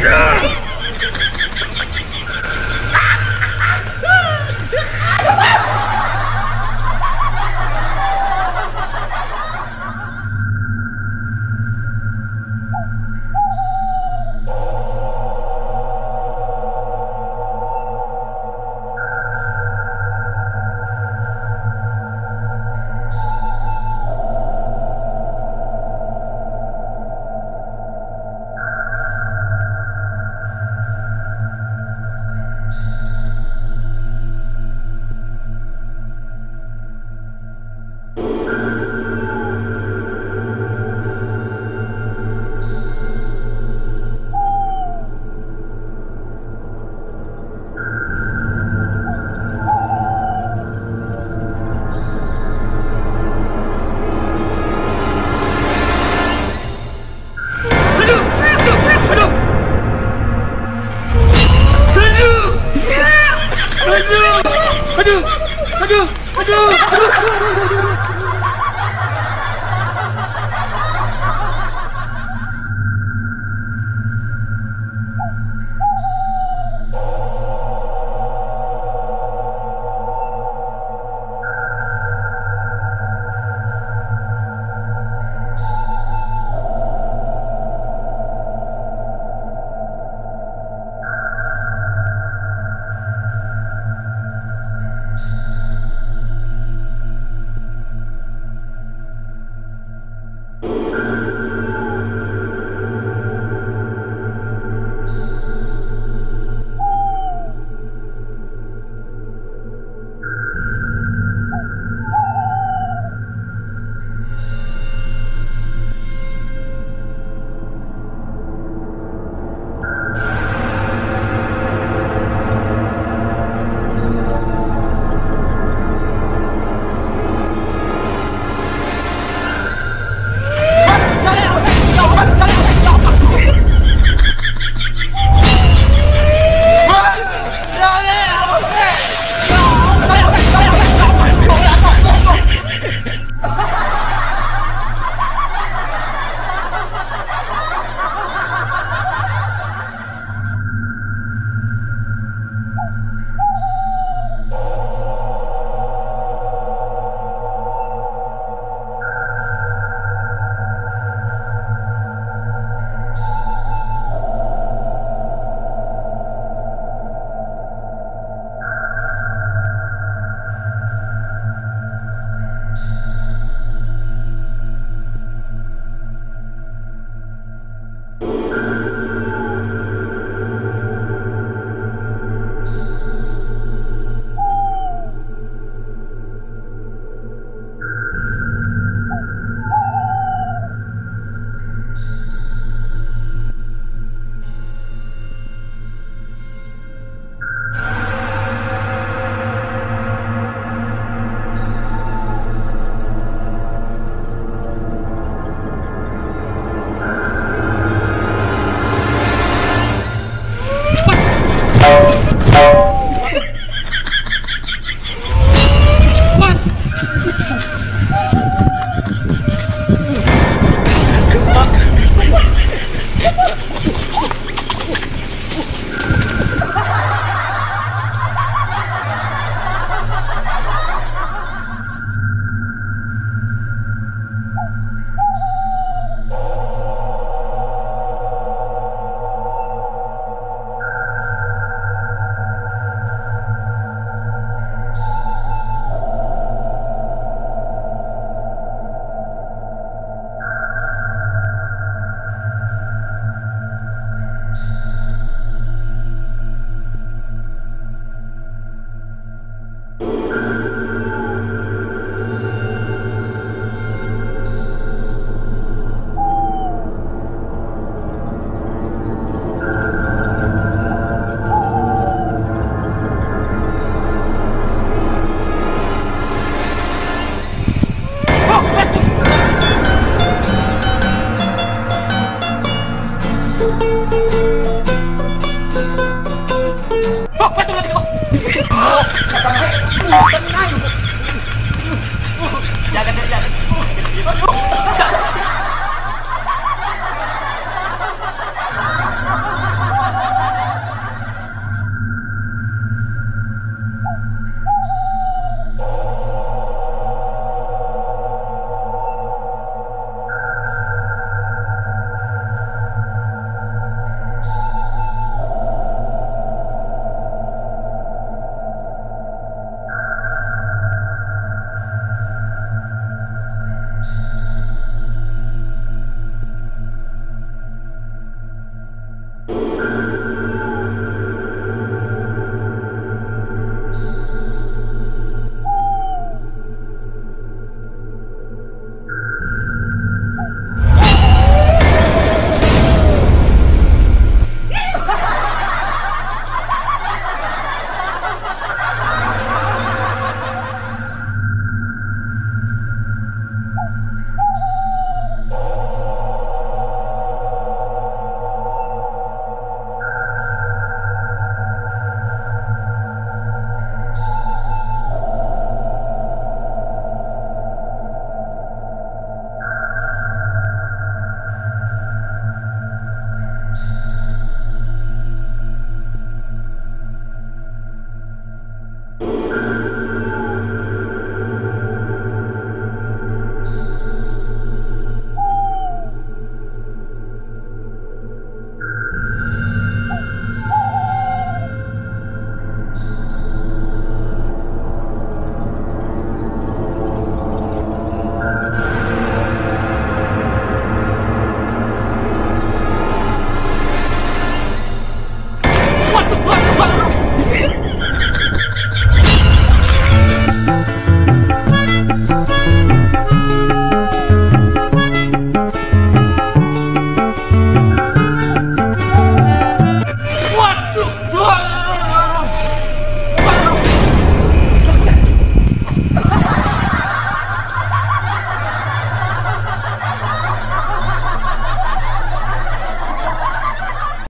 Yeah! Bakit? Minsan nga,